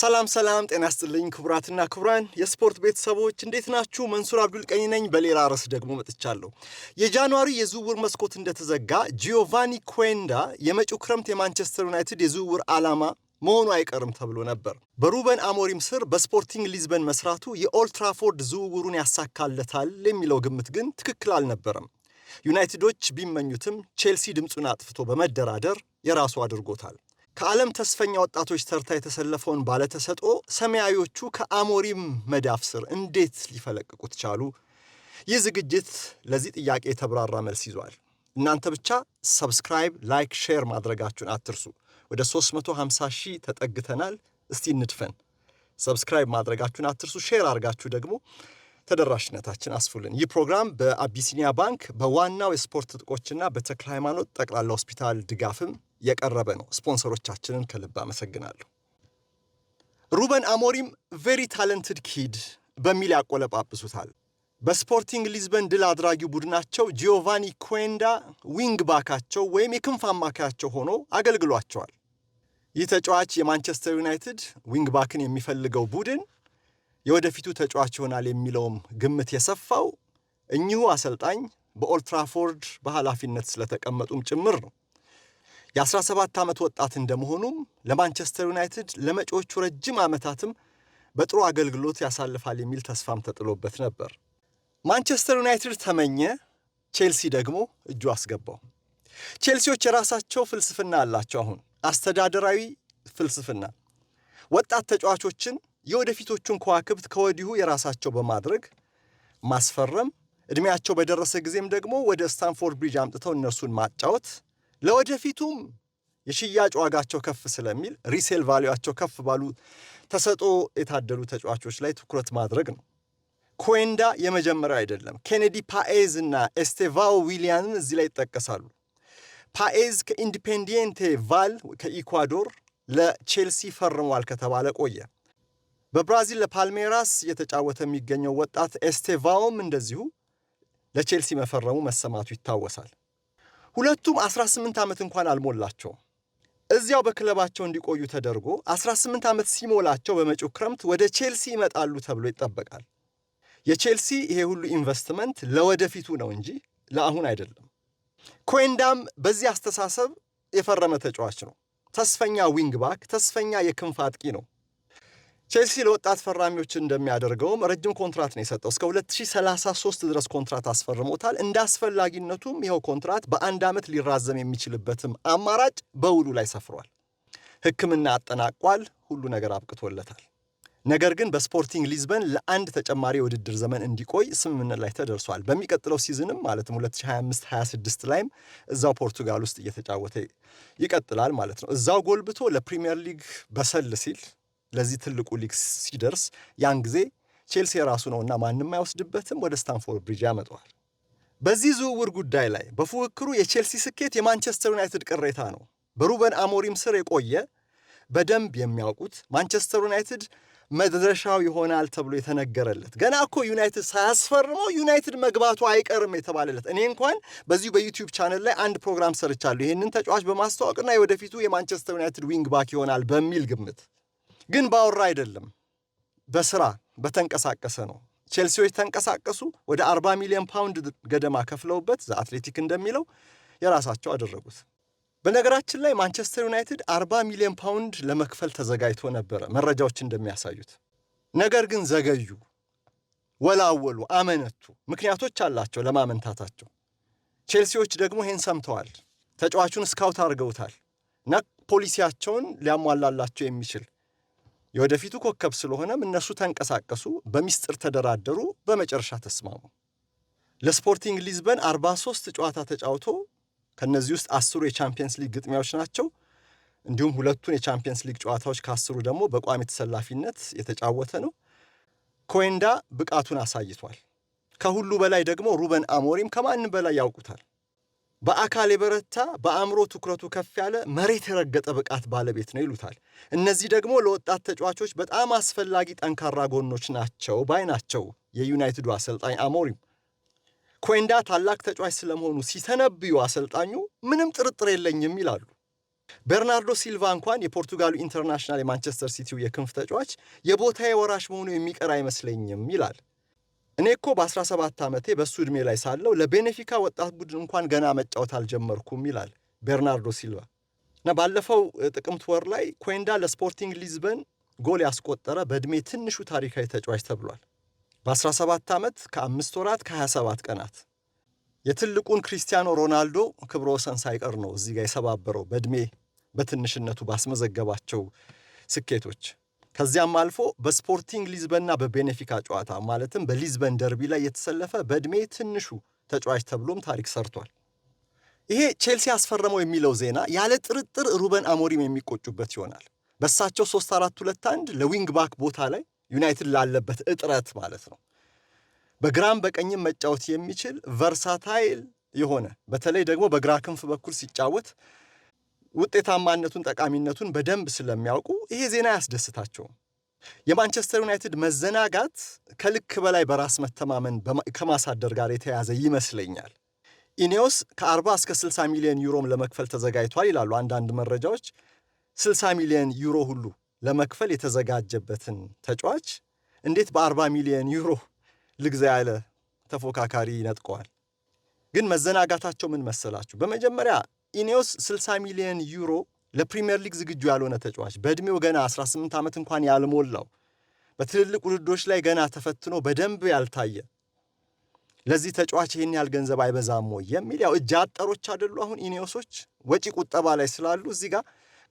ሰላም ሰላም፣ ጤና ስጥልኝ ክቡራትና ክቡራን የስፖርት ቤተሰቦች እንዴት ናችሁ? መንሱር አብዱል ነኝ። በሌላ ርዕስ ደግሞ መጥቻለሁ። የጃንዋሪ የዝውውር መስኮት እንደተዘጋ ጂዮቫኒ ኩዌንዳ የመጪው ክረምት የማንቸስተር ዩናይትድ የዝውውር ዓላማ መሆኑ አይቀርም ተብሎ ነበር። በሩበን አሞሪም ስር በስፖርቲንግ ሊዝበን መስራቱ የኦልትራፎርድ ዝውውሩን ያሳካለታል የሚለው ግምት ግን ትክክል አልነበረም። ዩናይትዶች ቢመኙትም ቼልሲ ድምፁን አጥፍቶ በመደራደር የራሱ አድርጎታል። ከዓለም ተስፈኛ ወጣቶች ተርታ የተሰለፈውን ባለተሰጥኦ ሰማያዊዎቹ ከአሞሪም መዳፍ ስር እንዴት ሊፈለቅቁት ቻሉ? ይህ ዝግጅት ለዚህ ጥያቄ የተብራራ መልስ ይዟል። እናንተ ብቻ ሰብስክራይብ፣ ላይክ፣ ሼር ማድረጋችሁን አትርሱ። ወደ 350 ሺህ ተጠግተናል። እስቲ እንድፈን። ሰብስክራይብ ማድረጋችሁን አትርሱ። ሼር አድርጋችሁ ደግሞ ተደራሽነታችን አስፉልን። ይህ ፕሮግራም በአቢሲኒያ ባንክ በዋናው የስፖርት ትጥቆችና በተክለ ሃይማኖት ጠቅላላ ሆስፒታል ድጋፍም የቀረበ ነው። ስፖንሰሮቻችንን ከልብ አመሰግናለሁ። ሩበን አሞሪም ቬሪ ታለንትድ ኪድ በሚል ያቆለጳብሱታል። በስፖርቲንግ ሊዝበን ድል አድራጊው ቡድናቸው ጂዮቫኒ ኩዌንዳ ዊንግ ባካቸው ወይም የክንፍ አማካያቸው ሆኖ አገልግሏቸዋል። ይህ ተጫዋች የማንቸስተር ዩናይትድ ዊንግ ባክን የሚፈልገው ቡድን የወደፊቱ ተጫዋች ይሆናል የሚለውም ግምት የሰፋው እኚሁ አሰልጣኝ በኦልትራፎርድ በኃላፊነት ስለተቀመጡም ጭምር ነው። የ17 ዓመት ወጣት እንደመሆኑም ለማንቸስተር ዩናይትድ ለመጪዎቹ ረጅም ዓመታትም በጥሩ አገልግሎት ያሳልፋል የሚል ተስፋም ተጥሎበት ነበር። ማንቸስተር ዩናይትድ ተመኘ፣ ቼልሲ ደግሞ እጁ አስገባው። ቼልሲዎች የራሳቸው ፍልስፍና አላቸው። አሁን አስተዳደራዊ ፍልስፍና ወጣት ተጫዋቾችን የወደፊቶቹን ከዋክብት ከወዲሁ የራሳቸው በማድረግ ማስፈረም፣ ዕድሜያቸው በደረሰ ጊዜም ደግሞ ወደ ስታንፎርድ ብሪጅ አምጥተው እነርሱን ማጫወት ለወደፊቱም የሽያጭ ዋጋቸው ከፍ ስለሚል ሪሴል ቫሊዋቸው ከፍ ባሉ ተሰጦ የታደሉ ተጫዋቾች ላይ ትኩረት ማድረግ ነው። ኮዌንዳ የመጀመሪያው አይደለም። ኬኔዲ ፓኤዝ እና ኤስቴቫኦ ዊሊያንን እዚህ ላይ ይጠቀሳሉ። ፓኤዝ ከኢንዲፔንዲየንቴ ቫል ከኢኳዶር ለቼልሲ ፈርሟል ከተባለ ቆየ። በብራዚል ለፓልሜራስ የተጫወተ የሚገኘው ወጣት ኤስቴቫኦም እንደዚሁ ለቼልሲ መፈረሙ መሰማቱ ይታወሳል። ሁለቱም 18 ዓመት እንኳን አልሞላቸውም። እዚያው በክለባቸው እንዲቆዩ ተደርጎ 18 ዓመት ሲሞላቸው በመጪው ክረምት ወደ ቼልሲ ይመጣሉ ተብሎ ይጠበቃል። የቼልሲ ይሄ ሁሉ ኢንቨስትመንት ለወደፊቱ ነው እንጂ ለአሁን አይደለም። ኮንዳም በዚህ አስተሳሰብ የፈረመ ተጫዋች ነው። ተስፈኛ ዊንግ ባክ፣ ተስፈኛ የክንፍ አጥቂ ነው። ቼልሲ ለወጣት ፈራሚዎች እንደሚያደርገውም ረጅም ኮንትራት ነው የሰጠው። እስከ 2033 ድረስ ኮንትራት አስፈርሞታል። እንደ አስፈላጊነቱም ይኸው ኮንትራት በአንድ ዓመት ሊራዘም የሚችልበትም አማራጭ በውሉ ላይ ሰፍሯል። ሕክምና አጠናቋል። ሁሉ ነገር አብቅቶለታል። ነገር ግን በስፖርቲንግ ሊዝበን ለአንድ ተጨማሪ የውድድር ዘመን እንዲቆይ ስምምነት ላይ ተደርሷል። በሚቀጥለው ሲዝንም ማለትም 2025/26 ላይም እዛው ፖርቱጋል ውስጥ እየተጫወተ ይቀጥላል ማለት ነው። እዛው ጎልብቶ ለፕሪሚየር ሊግ በሰል ሲል ለዚህ ትልቁ ሊግ ሲደርስ ያን ጊዜ ቼልሲ የራሱ እና ማንም አይወስድበትም፣ ወደ ስታንፎርድ ብሪጅ ያመጠዋል። በዚህ ዝውውር ጉዳይ ላይ በፉክክሩ የቼልሲ ስኬት የማንቸስተር ዩናይትድ ቅሬታ ነው። በሩበን አሞሪም ስር የቆየ በደንብ የሚያውቁት ማንቸስተር ዩናይትድ መድረሻው ይሆናል ተብሎ የተነገረለት ገና እኮ ዩናይትድ ሳያስፈርመው ዩናይትድ መግባቱ አይቀርም የተባለለት። እኔ እንኳን በዚሁ በዩቲዩብ ቻነል ላይ አንድ ፕሮግራም ሰርቻለሁ፣ ይህንን ተጫዋች በማስተዋወቅና የወደፊቱ የማንቸስተር ዩናይትድ ዊንግ ባክ ይሆናል በሚል ግምት ግን ባወራ አይደለም፣ በስራ በተንቀሳቀሰ ነው። ቼልሲዎች ተንቀሳቀሱ። ወደ 40 ሚሊዮን ፓውንድ ገደማ ከፍለውበት ዘ አትሌቲክ እንደሚለው የራሳቸው አደረጉት። በነገራችን ላይ ማንቸስተር ዩናይትድ 40 ሚሊዮን ፓውንድ ለመክፈል ተዘጋጅቶ ነበረ፣ መረጃዎች እንደሚያሳዩት። ነገር ግን ዘገዩ፣ ወላወሉ፣ አመነቱ። ምክንያቶች አላቸው ለማመንታታቸው። ቼልሲዎች ደግሞ ይህን ሰምተዋል፣ ተጫዋቹን ስካውት አድርገውታል እና ፖሊሲያቸውን ሊያሟላላቸው የሚችል የወደፊቱ ኮከብ ስለሆነም እነሱ ተንቀሳቀሱ፣ በሚስጥር ተደራደሩ፣ በመጨረሻ ተስማሙ። ለስፖርቲንግ ሊዝበን 43 ጨዋታ ተጫውቶ ከእነዚህ ውስጥ አስሩ የቻምፒየንስ ሊግ ግጥሚያዎች ናቸው። እንዲሁም ሁለቱን የቻምፒየንስ ሊግ ጨዋታዎች ከአስሩ ደግሞ በቋሚ ተሰላፊነት የተጫወተ ነው። ኮዌንዳ ብቃቱን አሳይቷል። ከሁሉ በላይ ደግሞ ሩበን አሞሪም ከማንም በላይ ያውቁታል። በአካል የበረታ በአእምሮ ትኩረቱ ከፍ ያለ መሬት የረገጠ ብቃት ባለቤት ነው ይሉታል። እነዚህ ደግሞ ለወጣት ተጫዋቾች በጣም አስፈላጊ ጠንካራ ጎኖች ናቸው ባይ ናቸው የዩናይትዱ አሰልጣኝ አሞሪም። ኮንዳ ታላቅ ተጫዋች ስለመሆኑ ሲተነብዩ አሰልጣኙ ምንም ጥርጥር የለኝም ይላሉ። በርናርዶ ሲልቫ እንኳን የፖርቱጋሉ ኢንተርናሽናል የማንቸስተር ሲቲው የክንፍ ተጫዋች የቦታ ወራሽ መሆኑ የሚቀር አይመስለኝም ይላል። እኔ እኮ በ17 ዓመቴ በእሱ ዕድሜ ላይ ሳለው ለቤኔፊካ ወጣት ቡድን እንኳን ገና መጫወት አልጀመርኩም ይላል ቤርናርዶ ሲልቫ እና ባለፈው ጥቅምት ወር ላይ ኮንዳ ለስፖርቲንግ ሊዝበን ጎል ያስቆጠረ በዕድሜ ትንሹ ታሪካዊ ተጫዋች ተብሏል። በ17 ዓመት ከ5 ወራት ከ27 ቀናት የትልቁን ክሪስቲያኖ ሮናልዶ ክብረ ወሰን ሳይቀር ነው እዚህ ጋር የሰባበረው በዕድሜ በትንሽነቱ ባስመዘገባቸው ስኬቶች ከዚያም አልፎ በስፖርቲንግ ሊዝበንና በቤኔፊካ ጨዋታ ማለትም በሊዝበን ደርቢ ላይ የተሰለፈ በእድሜ ትንሹ ተጫዋች ተብሎም ታሪክ ሰርቷል። ይሄ ቼልሲ ያስፈረመው የሚለው ዜና ያለ ጥርጥር ሩበን አሞሪም የሚቆጩበት ይሆናል። በእሳቸው 3421 ለዊንግ ባክ ቦታ ላይ ዩናይትድ ላለበት እጥረት ማለት ነው። በግራም በቀኝም መጫወት የሚችል ቨርሳታይል የሆነ በተለይ ደግሞ በግራ ክንፍ በኩል ሲጫወት ውጤታማነቱን፣ ጠቃሚነቱን በደንብ ስለሚያውቁ ይሄ ዜና አያስደስታቸውም። የማንቸስተር ዩናይትድ መዘናጋት ከልክ በላይ በራስ መተማመን ከማሳደር ጋር የተያዘ ይመስለኛል። ኢኔዎስ ከ40 እስከ 60 ሚሊዮን ዩሮም ለመክፈል ተዘጋጅቷል ይላሉ አንዳንድ መረጃዎች። 60 ሚሊዮን ዩሮ ሁሉ ለመክፈል የተዘጋጀበትን ተጫዋች እንዴት በ40 ሚሊዮን ዩሮ ልግዛ ያለ ተፎካካሪ ይነጥቀዋል። ግን መዘናጋታቸው ምን መሰላችሁ? በመጀመሪያ ኢኔዮስ 60 ሚሊዮን ዩሮ ለፕሪምየር ሊግ ዝግጁ ያልሆነ ተጫዋች በእድሜው ገና 18 ዓመት እንኳን ያልሞላው በትልልቅ ውድድሮች ላይ ገና ተፈትኖ በደንብ ያልታየ ለዚህ ተጫዋች ይህን ያህል ገንዘብ አይበዛም ወይ የሚል ያው እጅ አጠሮች አይደሉ። አሁን ኢኔዮሶች ወጪ ቁጠባ ላይ ስላሉ እዚህ ጋር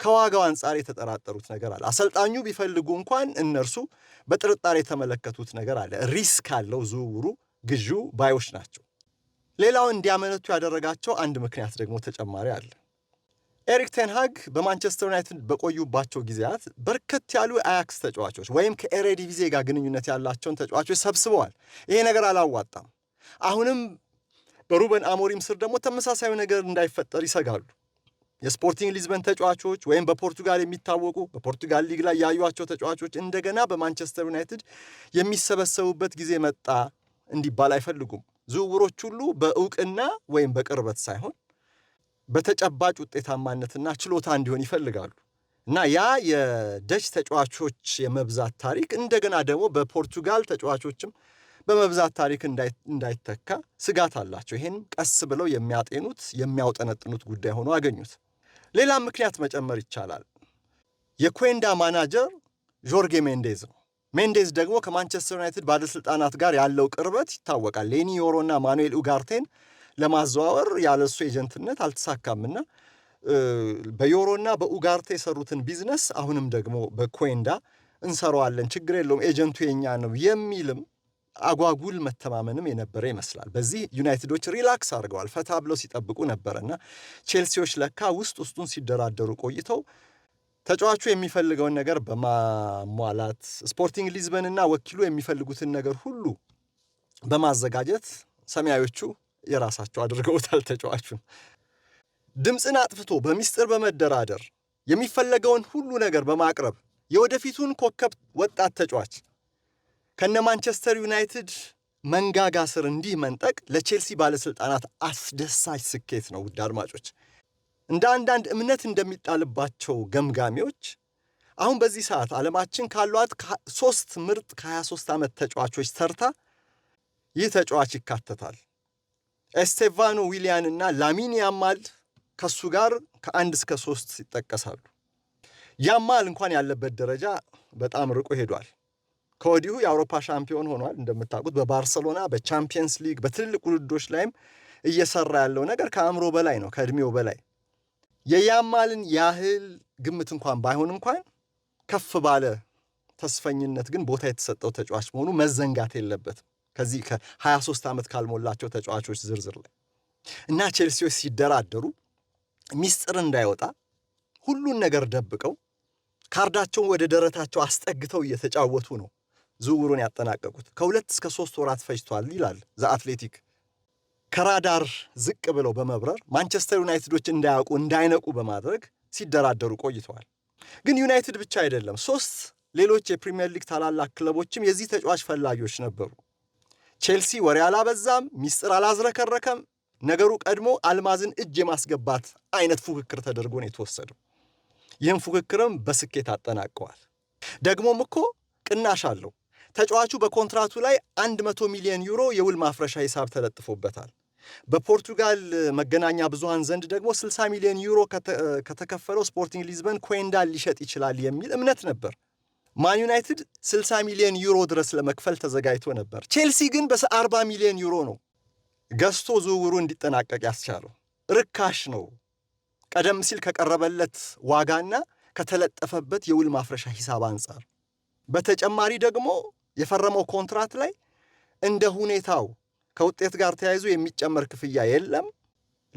ከዋጋው አንጻር የተጠራጠሩት ነገር አለ። አሰልጣኙ ቢፈልጉ እንኳን እነርሱ በጥርጣሬ የተመለከቱት ነገር አለ። ሪስክ አለው ዝውውሩ፣ ግዢው ባዮች ናቸው። ሌላው እንዲያመነቱ ያደረጋቸው አንድ ምክንያት ደግሞ ተጨማሪ አለ። ኤሪክ ቴንሃግ በማንቸስተር ዩናይትድ በቆዩባቸው ጊዜያት በርከት ያሉ አያክስ ተጫዋቾች ወይም ከኤሬዲቪዜ ጋር ግንኙነት ያላቸውን ተጫዋቾች ሰብስበዋል። ይሄ ነገር አላዋጣም። አሁንም በሩበን አሞሪም ስር ደግሞ ተመሳሳዩ ነገር እንዳይፈጠር ይሰጋሉ። የስፖርቲንግ ሊዝበን ተጫዋቾች ወይም በፖርቱጋል የሚታወቁ በፖርቱጋል ሊግ ላይ ያዩቸው ተጫዋቾች እንደገና በማንቸስተር ዩናይትድ የሚሰበሰቡበት ጊዜ መጣ እንዲባል አይፈልጉም። ዝውውሮች ሁሉ በእውቅና ወይም በቅርበት ሳይሆን በተጨባጭ ውጤታማነትና ችሎታ እንዲሆን ይፈልጋሉ እና ያ የደች ተጫዋቾች የመብዛት ታሪክ እንደገና ደግሞ በፖርቱጋል ተጫዋቾችም በመብዛት ታሪክ እንዳይተካ ስጋት አላቸው። ይህን ቀስ ብለው የሚያጤኑት የሚያውጠነጥኑት ጉዳይ ሆኖ አገኙት። ሌላም ምክንያት መጨመር ይቻላል። የኮንዳ ማናጀር ጆርጌ ሜንዴዝ ነው። ሜንዴዝ ደግሞ ከማንቸስተር ዩናይትድ ባለስልጣናት ጋር ያለው ቅርበት ይታወቃል። ሌኒ ዮሮና ማኑኤል ኡጋርቴን ለማዘዋወር ያለሱ ኤጀንትነት አልተሳካምና በዮሮና በኡጋርቴ የሰሩትን ቢዝነስ አሁንም ደግሞ በኮንዳ እንሰራዋለን፣ ችግር የለውም፣ ኤጀንቱ የኛ ነው የሚልም አጓጉል መተማመንም የነበረ ይመስላል። በዚህ ዩናይትዶች ሪላክስ አድርገዋል፣ ፈታ ብለው ሲጠብቁ ነበረና ቼልሲዎች ለካ ውስጥ ውስጡን ሲደራደሩ ቆይተው ተጫዋቹ የሚፈልገውን ነገር በማሟላት ስፖርቲንግ ሊዝበንና ወኪሉ የሚፈልጉትን ነገር ሁሉ በማዘጋጀት ሰማያዎቹ የራሳቸው አድርገውታል። ተጫዋቹን ድምፅን አጥፍቶ በሚስጥር በመደራደር የሚፈለገውን ሁሉ ነገር በማቅረብ የወደፊቱን ኮከብ ወጣት ተጫዋች ከነ ማንቸስተር ዩናይትድ መንጋጋ ስር እንዲህ መንጠቅ ለቼልሲ ባለሥልጣናት አስደሳች ስኬት ነው። ውድ አድማጮች እንደ አንዳንድ እምነት እንደሚጣልባቸው ገምጋሚዎች አሁን በዚህ ሰዓት ዓለማችን ካሏት ሶስት ምርጥ ከ23 ዓመት ተጫዋቾች ተርታ ይህ ተጫዋች ይካተታል። ኤስቴቫኖ ዊሊያን እና ላሚን ያማል ከሱ ጋር ከአንድ እስከ ሶስት ይጠቀሳሉ። ያማል እንኳን ያለበት ደረጃ በጣም ርቆ ሄዷል። ከወዲሁ የአውሮፓ ሻምፒዮን ሆኗል። እንደምታውቁት በባርሰሎና በቻምፒየንስ ሊግ በትልልቅ ውድዶች ላይም እየሰራ ያለው ነገር ከአእምሮ በላይ ነው፣ ከእድሜው በላይ የያማልን ያህል ግምት እንኳን ባይሆን እንኳን ከፍ ባለ ተስፈኝነት ግን ቦታ የተሰጠው ተጫዋች መሆኑ መዘንጋት የለበትም ከዚህ ከ23 ዓመት ካልሞላቸው ተጫዋቾች ዝርዝር ላይ እና ቼልሲዎች ሲደራደሩ ሚስጥር እንዳይወጣ ሁሉን ነገር ደብቀው ካርዳቸውን ወደ ደረታቸው አስጠግተው እየተጫወቱ ነው ዝውውሩን ያጠናቀቁት። ከሁለት እስከ ሶስት ወራት ፈጅቷል ይላል ዘአትሌቲክ አትሌቲክ። ከራዳር ዝቅ ብለው በመብረር ማንቸስተር ዩናይትዶች እንዳያውቁ እንዳይነቁ በማድረግ ሲደራደሩ ቆይተዋል። ግን ዩናይትድ ብቻ አይደለም፣ ሶስት ሌሎች የፕሪምየር ሊግ ታላላቅ ክለቦችም የዚህ ተጫዋች ፈላጊዎች ነበሩ። ቼልሲ ወሬ አላበዛም፣ ሚስጥር አላዝረከረከም። ነገሩ ቀድሞ አልማዝን እጅ የማስገባት አይነት ፉክክር ተደርጎ ነው የተወሰደው። ይህም ፉክክርም በስኬት አጠናቀዋል። ደግሞም እኮ ቅናሽ አለው። ተጫዋቹ በኮንትራቱ ላይ 100 ሚሊዮን ዩሮ የውል ማፍረሻ ሂሳብ ተለጥፎበታል። በፖርቱጋል መገናኛ ብዙሃን ዘንድ ደግሞ 60 ሚሊዮን ዩሮ ከተከፈለው ስፖርቲንግ ሊዝበን ኮንዳን ሊሸጥ ይችላል የሚል እምነት ነበር። ማን ዩናይትድ 60 ሚሊዮን ዩሮ ድረስ ለመክፈል ተዘጋጅቶ ነበር። ቼልሲ ግን በ40 ሚሊዮን ዩሮ ነው ገዝቶ ዝውውሩ እንዲጠናቀቅ ያስቻለው። ርካሽ ነው። ቀደም ሲል ከቀረበለት ዋጋና ከተለጠፈበት የውል ማፍረሻ ሂሳብ አንጻር፣ በተጨማሪ ደግሞ የፈረመው ኮንትራት ላይ እንደ ሁኔታው ከውጤት ጋር ተያይዞ የሚጨመር ክፍያ የለም።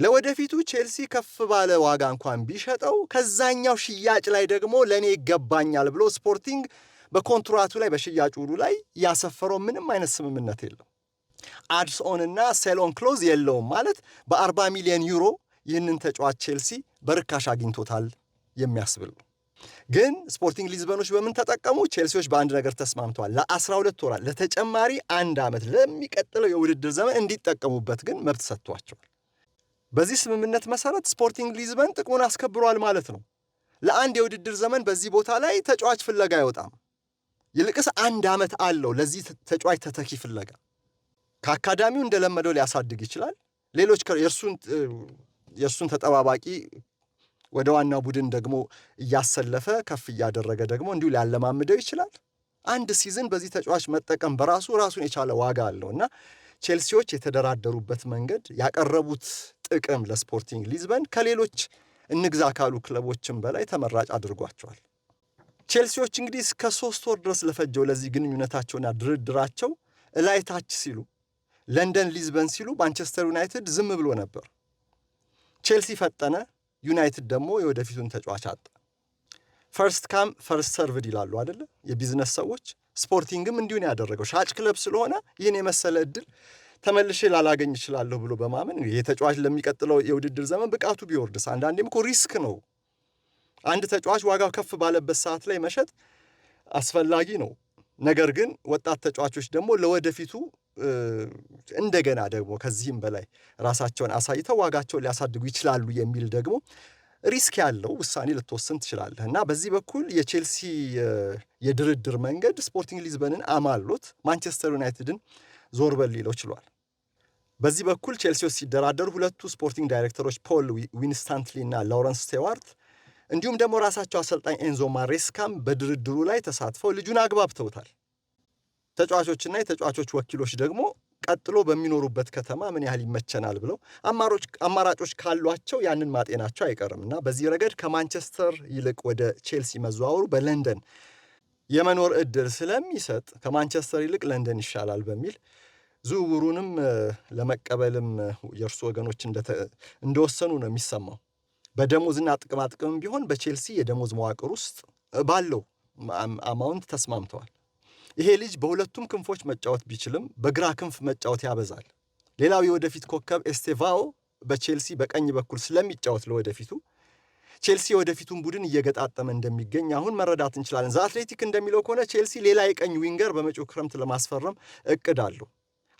ለወደፊቱ ቼልሲ ከፍ ባለ ዋጋ እንኳን ቢሸጠው ከዛኛው ሽያጭ ላይ ደግሞ ለእኔ ይገባኛል ብሎ ስፖርቲንግ በኮንትራቱ ላይ በሽያጭ ውሉ ላይ ያሰፈረው ምንም አይነት ስምምነት የለም። አድስ ኦን እና ሴሎን ክሎዝ የለውም ማለት በ40 ሚሊዮን ዩሮ ይህንን ተጫዋች ቼልሲ በርካሽ አግኝቶታል የሚያስብል ነው። ግን ስፖርቲንግ ሊዝበኖች በምን ተጠቀሙ? ቼልሲዎች በአንድ ነገር ተስማምተዋል። ለ12 ወራት ለተጨማሪ አንድ ዓመት ለሚቀጥለው የውድድር ዘመን እንዲጠቀሙበት ግን መብት ሰጥቷቸዋል። በዚህ ስምምነት መሰረት ስፖርቲንግ ሊዝበን ጥቅሙን አስከብሯል ማለት ነው። ለአንድ የውድድር ዘመን በዚህ ቦታ ላይ ተጫዋች ፍለጋ አይወጣም። ይልቅስ አንድ ዓመት አለው ለዚህ ተጫዋች ተተኪ ፍለጋ። ከአካዳሚው እንደለመደው ሊያሳድግ ይችላል። ሌሎች የእርሱን ተጠባባቂ ወደ ዋናው ቡድን ደግሞ እያሰለፈ ከፍ እያደረገ ደግሞ እንዲሁ ሊያለማምደው ይችላል። አንድ ሲዝን በዚህ ተጫዋች መጠቀም በራሱ ራሱን የቻለ ዋጋ አለው እና ቼልሲዎች የተደራደሩበት መንገድ ያቀረቡት ጥቅም ለስፖርቲንግ ሊዝበን ከሌሎች እንግዛ ካሉ ክለቦችም በላይ ተመራጭ አድርጓቸዋል። ቼልሲዎች እንግዲህ እስከ ሶስት ወር ድረስ ለፈጀው ለዚህ ግንኙነታቸውና ድርድራቸው እላይታች ሲሉ ለንደን ሊዝበን ሲሉ ማንቸስተር ዩናይትድ ዝም ብሎ ነበር። ቼልሲ ፈጠነ፣ ዩናይትድ ደግሞ የወደፊቱን ተጫዋች አጣ። ፈርስት ካም ፈርስት ሰርቭድ ይላሉ አደለ? የቢዝነስ ሰዎች። ስፖርቲንግም እንዲሁን ያደረገው ሻጭ ክለብ ስለሆነ ይህን የመሰለ እድል ተመልሼ ላላገኝ እችላለሁ ብሎ በማመን ይህ ተጫዋች ለሚቀጥለው የውድድር ዘመን ብቃቱ ቢወርድስ? አንዳንዴም እኮ ሪስክ ነው። አንድ ተጫዋች ዋጋው ከፍ ባለበት ሰዓት ላይ መሸጥ አስፈላጊ ነው። ነገር ግን ወጣት ተጫዋቾች ደግሞ ለወደፊቱ እንደገና ደግሞ ከዚህም በላይ ራሳቸውን አሳይተው ዋጋቸውን ሊያሳድጉ ይችላሉ የሚል ደግሞ ሪስክ ያለው ውሳኔ ልትወስን ትችላለህ እና በዚህ በኩል የቼልሲ የድርድር መንገድ ስፖርቲንግ ሊዝበንን አማሎት ማንቸስተር ዩናይትድን ዞር በል ሊለው ችሏል። በዚህ በኩል ቼልሲዎች ሲደራደሩ ሁለቱ ስፖርቲንግ ዳይሬክተሮች ፖል ዊንስታንትሊ እና ላውረንስ ስቴዋርት እንዲሁም ደግሞ ራሳቸው አሰልጣኝ ኤንዞ ማሬስካም በድርድሩ ላይ ተሳትፈው ልጁን አግባብተውታል። ተጫዋቾችና የተጫዋቾች ወኪሎች ደግሞ ቀጥሎ በሚኖሩበት ከተማ ምን ያህል ይመቸናል ብለው አማራጮች ካሏቸው ያንን ማጤናቸው አይቀርም እና በዚህ ረገድ ከማንቸስተር ይልቅ ወደ ቼልሲ መዘዋወሩ በለንደን የመኖር እድል ስለሚሰጥ ከማንቸስተር ይልቅ ለንደን ይሻላል በሚል ዝውውሩንም ለመቀበልም የእርሱ ወገኖች እንደወሰኑ ነው የሚሰማው። በደሞዝና ጥቅማጥቅም ቢሆን በቼልሲ የደሞዝ መዋቅር ውስጥ ባለው አማውንት ተስማምተዋል። ይሄ ልጅ በሁለቱም ክንፎች መጫወት ቢችልም በግራ ክንፍ መጫወት ያበዛል። ሌላው የወደፊት ኮከብ ኤስቴቫኦ በቼልሲ በቀኝ በኩል ስለሚጫወት ለወደፊቱ ቼልሲ የወደፊቱን ቡድን እየገጣጠመ እንደሚገኝ አሁን መረዳት እንችላለን። አትሌቲክ እንደሚለው ከሆነ ቼልሲ ሌላ የቀኝ ዊንገር በመጪው ክረምት ለማስፈረም እቅድ አለው።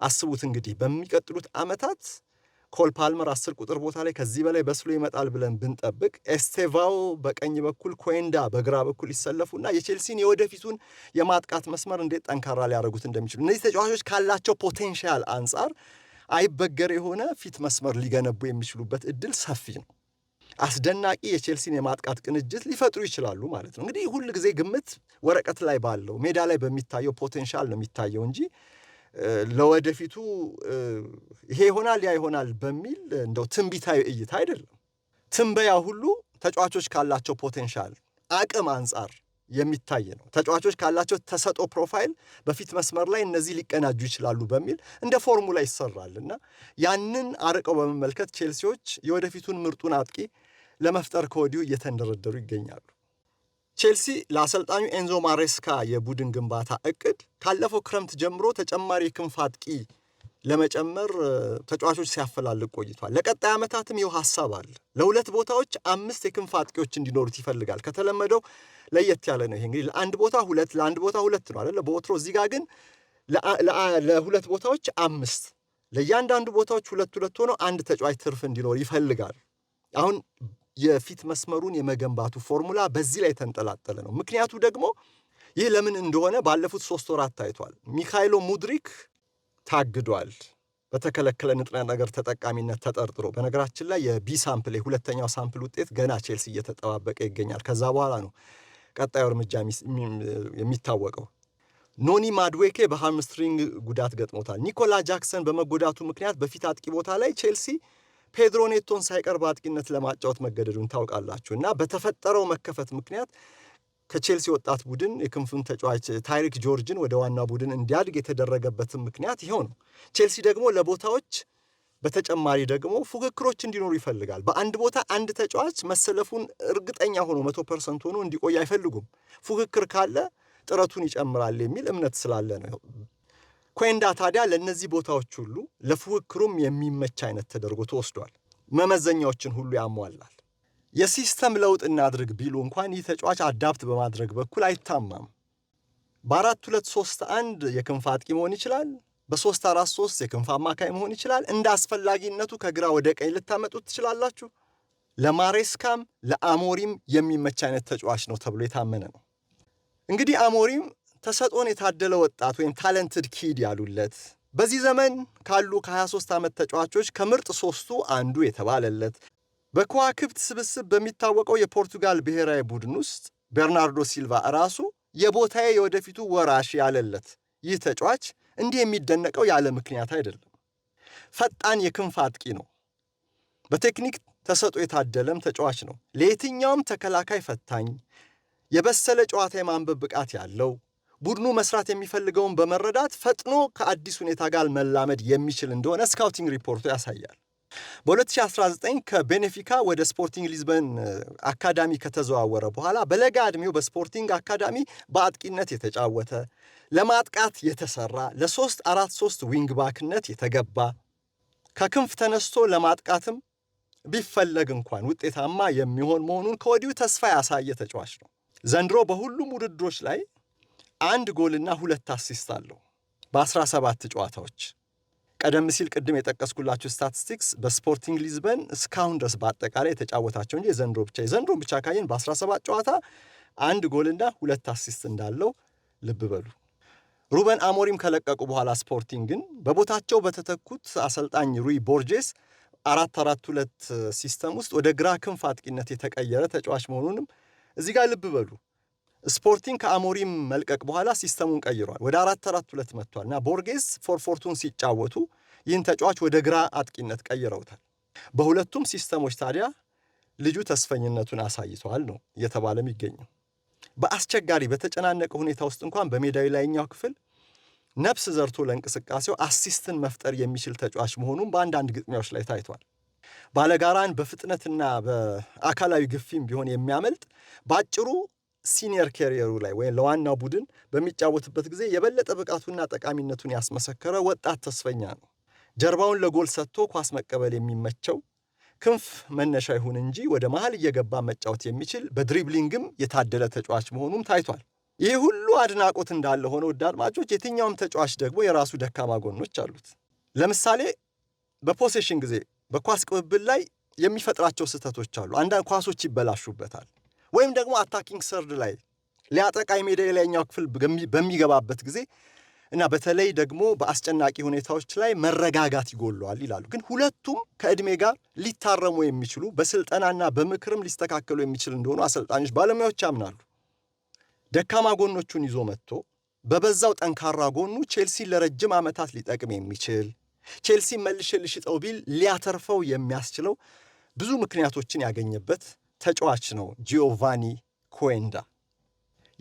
አስቡት እንግዲህ በሚቀጥሉት ዓመታት ኮል ፓልመር አስር ቁጥር ቦታ ላይ ከዚህ በላይ በስሎ ይመጣል ብለን ብንጠብቅ ኤስቴቫው በቀኝ በኩል ኮንዳ በግራ በኩል ይሰለፉና የቼልሲን የወደፊቱን የማጥቃት መስመር እንዴት ጠንካራ ሊያደርጉት እንደሚችሉ እነዚህ ተጫዋቾች ካላቸው ፖቴንሻል አንጻር አይበገር የሆነ ፊት መስመር ሊገነቡ የሚችሉበት እድል ሰፊ ነው። አስደናቂ የቼልሲን የማጥቃት ቅንጅት ሊፈጥሩ ይችላሉ ማለት ነው። እንግዲህ ሁል ጊዜ ግምት ወረቀት ላይ ባለው ሜዳ ላይ በሚታየው ፖቴንሻል ነው የሚታየው እንጂ ለወደፊቱ ይሄ ይሆናል ያ ይሆናል በሚል እንደው ትንቢታዊ እይታ አይደለም። ትንበያ ሁሉ ተጫዋቾች ካላቸው ፖቴንሻል አቅም አንጻር የሚታይ ነው። ተጫዋቾች ካላቸው ተሰጦ ፕሮፋይል በፊት መስመር ላይ እነዚህ ሊቀናጁ ይችላሉ በሚል እንደ ፎርሙላ ይሰራል እና ያንን አርቀው በመመልከት ቼልሲዎች የወደፊቱን ምርጡን አጥቂ ለመፍጠር ከወዲሁ እየተንደረደሩ ይገኛሉ። ቼልሲ ለአሰልጣኙ ኤንዞ ማሬስካ የቡድን ግንባታ እቅድ ካለፈው ክረምት ጀምሮ ተጨማሪ ክንፋጥቂ አጥቂ ለመጨመር ተጫዋቾች ሲያፈላልቅ ቆይቷል። ለቀጣይ ዓመታትም ይኸው ሀሳብ አለ። ለሁለት ቦታዎች አምስት የክንፍ አጥቂዎች እንዲኖሩት ይፈልጋል። ከተለመደው ለየት ያለ ነው። ይሄ እንግዲህ ለአንድ ቦታ ሁለት፣ ለአንድ ቦታ ሁለት ነው አይደለ? በወትሮ እዚህ ጋር ግን ለሁለት ቦታዎች አምስት፣ ለእያንዳንዱ ቦታዎች ሁለት ሁለት ሆነው አንድ ተጫዋች ትርፍ እንዲኖር ይፈልጋል። አሁን የፊት መስመሩን የመገንባቱ ፎርሙላ በዚህ ላይ የተንጠላጠለ ነው። ምክንያቱ ደግሞ ይህ ለምን እንደሆነ ባለፉት ሶስት ወራት ታይቷል። ሚካይሎ ሙድሪክ ታግዷል በተከለከለ ንጥረ ነገር ተጠቃሚነት ተጠርጥሮ። በነገራችን ላይ የቢ ሳምፕል የሁለተኛው ሳምፕል ውጤት ገና ቼልሲ እየተጠባበቀ ይገኛል። ከዛ በኋላ ነው ቀጣዩ እርምጃ የሚታወቀው። ኖኒ ማድዌኬ በሃምስትሪንግ ጉዳት ገጥሞታል። ኒኮላ ጃክሰን በመጎዳቱ ምክንያት በፊት አጥቂ ቦታ ላይ ቼልሲ ፔድሮ ኔቶን ሳይቀር በአጥቂነት ለማጫወት መገደዱን ታውቃላችሁ። እና በተፈጠረው መከፈት ምክንያት ከቼልሲ ወጣት ቡድን የክንፉን ተጫዋች ታይሪክ ጆርጅን ወደ ዋና ቡድን እንዲያድግ የተደረገበትም ምክንያት ይኸው ነው። ቼልሲ ደግሞ ለቦታዎች በተጨማሪ ደግሞ ፉክክሮች እንዲኖሩ ይፈልጋል። በአንድ ቦታ አንድ ተጫዋች መሰለፉን እርግጠኛ ሆኖ መቶ ፐርሰንት ሆኖ እንዲቆይ አይፈልጉም። ፉክክር ካለ ጥረቱን ይጨምራል የሚል እምነት ስላለ ነው ኮንዳ ታዲያ ለእነዚህ ቦታዎች ሁሉ ለፉክክሩም የሚመች አይነት ተደርጎ ተወስዷል። መመዘኛዎችን ሁሉ ያሟላል። የሲስተም ለውጥ እናድርግ ቢሉ እንኳን ይህ ተጫዋች አዳፕት በማድረግ በኩል አይታማም። በአራት ሁለት ሶስት አንድ የክንፍ አጥቂ መሆን ይችላል። በሶስት አራት ሶስት የክንፍ አማካይ መሆን ይችላል። እንደ አስፈላጊነቱ ከግራ ወደ ቀኝ ልታመጡት ትችላላችሁ። ለማሬስካም ለአሞሪም የሚመች አይነት ተጫዋች ነው ተብሎ የታመነ ነው። እንግዲህ አሞሪም ተሰጦን የታደለ ወጣት ወይም ታለንትድ ኪድ ያሉለት በዚህ ዘመን ካሉ ከ23 ዓመት ተጫዋቾች ከምርጥ ሶስቱ አንዱ የተባለለት በከዋክብት ስብስብ በሚታወቀው የፖርቱጋል ብሔራዊ ቡድን ውስጥ ቤርናርዶ ሲልቫ ራሱ የቦታዬ የወደፊቱ ወራሽ ያለለት ይህ ተጫዋች እንዲህ የሚደነቀው ያለ ምክንያት አይደለም። ፈጣን የክንፍ አጥቂ ነው። በቴክኒክ ተሰጦ የታደለም ተጫዋች ነው። ለየትኛውም ተከላካይ ፈታኝ፣ የበሰለ ጨዋታ የማንበብ ብቃት ያለው ቡድኑ መስራት የሚፈልገውን በመረዳት ፈጥኖ ከአዲስ ሁኔታ ጋር መላመድ የሚችል እንደሆነ ስካውቲንግ ሪፖርቱ ያሳያል። በ2019 ከቤኔፊካ ወደ ስፖርቲንግ ሊዝበን አካዳሚ ከተዘዋወረ በኋላ በለጋ ዕድሜው በስፖርቲንግ አካዳሚ በአጥቂነት የተጫወተ ለማጥቃት የተሰራ ለሶስት አራት ሶስት ዊንግ ባክነት የተገባ ከክንፍ ተነስቶ ለማጥቃትም ቢፈለግ እንኳን ውጤታማ የሚሆን መሆኑን ከወዲሁ ተስፋ ያሳየ ተጫዋች ነው። ዘንድሮ በሁሉም ውድድሮች ላይ አንድ ጎልና ሁለት አሲስት አለው በ17 ጨዋታዎች። ቀደም ሲል ቅድም የጠቀስኩላችሁ ስታቲስቲክስ በስፖርቲንግ ሊዝበን እስካሁን ድረስ በአጠቃላይ የተጫወታቸው እንጂ የዘንድሮ ብቻ የዘንድሮን ብቻ ካየን በ17 ጨዋታ አንድ ጎልና ሁለት አሲስት እንዳለው ልብ በሉ። ሩበን አሞሪም ከለቀቁ በኋላ ስፖርቲንግን በቦታቸው በተተኩት አሰልጣኝ ሩይ ቦርጄስ አራት አራት ሁለት ሲስተም ውስጥ ወደ ግራ ክንፍ አጥቂነት የተቀየረ ተጫዋች መሆኑንም እዚህ ጋር ልብ በሉ። ስፖርቲንግ ከአሞሪም መልቀቅ በኋላ ሲስተሙን ቀይሯል። ወደ አራት አራት ሁለት መጥቷል እና ቦርጌዝ ፎርፎርቱን ሲጫወቱ ይህን ተጫዋች ወደ ግራ አጥቂነት ቀይረውታል። በሁለቱም ሲስተሞች ታዲያ ልጁ ተስፈኝነቱን አሳይተዋል ነው እየተባለ የሚገኘው። በአስቸጋሪ በተጨናነቀ ሁኔታ ውስጥ እንኳን በሜዳዊ ላይኛው ክፍል ነፍስ ዘርቶ ለእንቅስቃሴው አሲስትን መፍጠር የሚችል ተጫዋች መሆኑን በአንዳንድ ግጥሚያዎች ላይ ታይቷል። ባለጋራን በፍጥነትና በአካላዊ ግፊም ቢሆን የሚያመልጥ በአጭሩ ሲኒየር ኬሪየሩ ላይ ወይም ለዋናው ቡድን በሚጫወትበት ጊዜ የበለጠ ብቃቱና ጠቃሚነቱን ያስመሰከረ ወጣት ተስፈኛ ነው። ጀርባውን ለጎል ሰጥቶ ኳስ መቀበል የሚመቸው ክንፍ መነሻ ይሁን እንጂ ወደ መሃል እየገባ መጫወት የሚችል በድሪብሊንግም የታደለ ተጫዋች መሆኑም ታይቷል። ይህ ሁሉ አድናቆት እንዳለ ሆነ፣ ውድ አድማጮች፣ የትኛውም ተጫዋች ደግሞ የራሱ ደካማ ጎኖች አሉት። ለምሳሌ በፖሴሽን ጊዜ በኳስ ቅብብል ላይ የሚፈጥራቸው ስህተቶች አሉ። አንዳንድ ኳሶች ይበላሹበታል። ወይም ደግሞ አታኪንግ ሰርድ ላይ ሊያጠቃ የሜዳ የላይኛው ክፍል በሚገባበት ጊዜ እና በተለይ ደግሞ በአስጨናቂ ሁኔታዎች ላይ መረጋጋት ይጎለዋል ይላሉ። ግን ሁለቱም ከእድሜ ጋር ሊታረሙ የሚችሉ በስልጠናና በምክርም ሊስተካከሉ የሚችል እንደሆኑ አሰልጣኞች፣ ባለሙያዎች ያምናሉ። ደካማ ጎኖቹን ይዞ መጥቶ በበዛው ጠንካራ ጎኑ ቼልሲን ለረጅም ዓመታት ሊጠቅም የሚችል ቼልሲ መልሼ ልሽጠው ቢል ሊያተርፈው የሚያስችለው ብዙ ምክንያቶችን ያገኘበት ተጫዋች ነው ጂዮቫኒ ኮዌንዳ።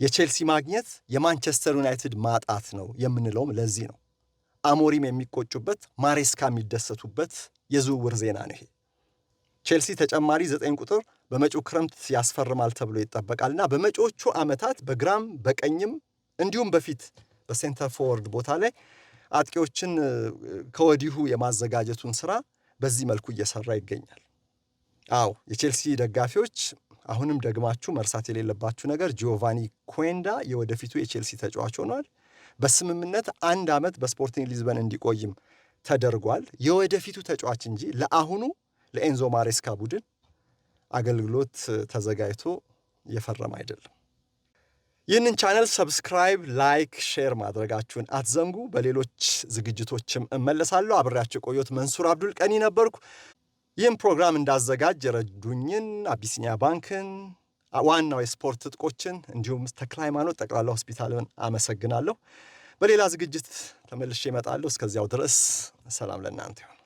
የቼልሲ ማግኘት የማንቸስተር ዩናይትድ ማጣት ነው የምንለውም ለዚህ ነው። አሞሪም የሚቆጩበት ማሬስካ የሚደሰቱበት የዝውውር ዜና ነው ይሄ። ቼልሲ ተጨማሪ ዘጠኝ ቁጥር በመጪው ክረምት ያስፈርማል ተብሎ ይጠበቃልና በመጪዎቹ ዓመታት በግራም በቀኝም እንዲሁም በፊት በሴንተር ፎወርድ ቦታ ላይ አጥቂዎችን ከወዲሁ የማዘጋጀቱን ስራ በዚህ መልኩ እየሰራ ይገኛል። አዎ የቼልሲ ደጋፊዎች አሁንም ደግማችሁ መርሳት የሌለባችሁ ነገር ጂዮቫኒ ኩዌንዳ የወደፊቱ የቼልሲ ተጫዋች ሆኗል። በስምምነት አንድ ዓመት በስፖርቲንግ ሊዝበን እንዲቆይም ተደርጓል። የወደፊቱ ተጫዋች እንጂ ለአሁኑ ለኤንዞ ማሬስካ ቡድን አገልግሎት ተዘጋጅቶ የፈረም አይደለም። ይህንን ቻነል ሰብስክራይብ፣ ላይክ፣ ሼር ማድረጋችሁን አትዘንጉ። በሌሎች ዝግጅቶችም እመለሳለሁ። አብሬያቸው የቆየሁት መንሱር አብዱል ቀኒ ነበርኩ። ይህም ፕሮግራም እንዳዘጋጅ የረዱኝን አቢሲኒያ ባንክን፣ ዋናው የስፖርት ትጥቆችን እንዲሁም ተክለ ሃይማኖት ጠቅላላ ሆስፒታልን አመሰግናለሁ። በሌላ ዝግጅት ተመልሼ እመጣለሁ። እስከዚያው ድረስ ሰላም ለእናንተ ይሁን።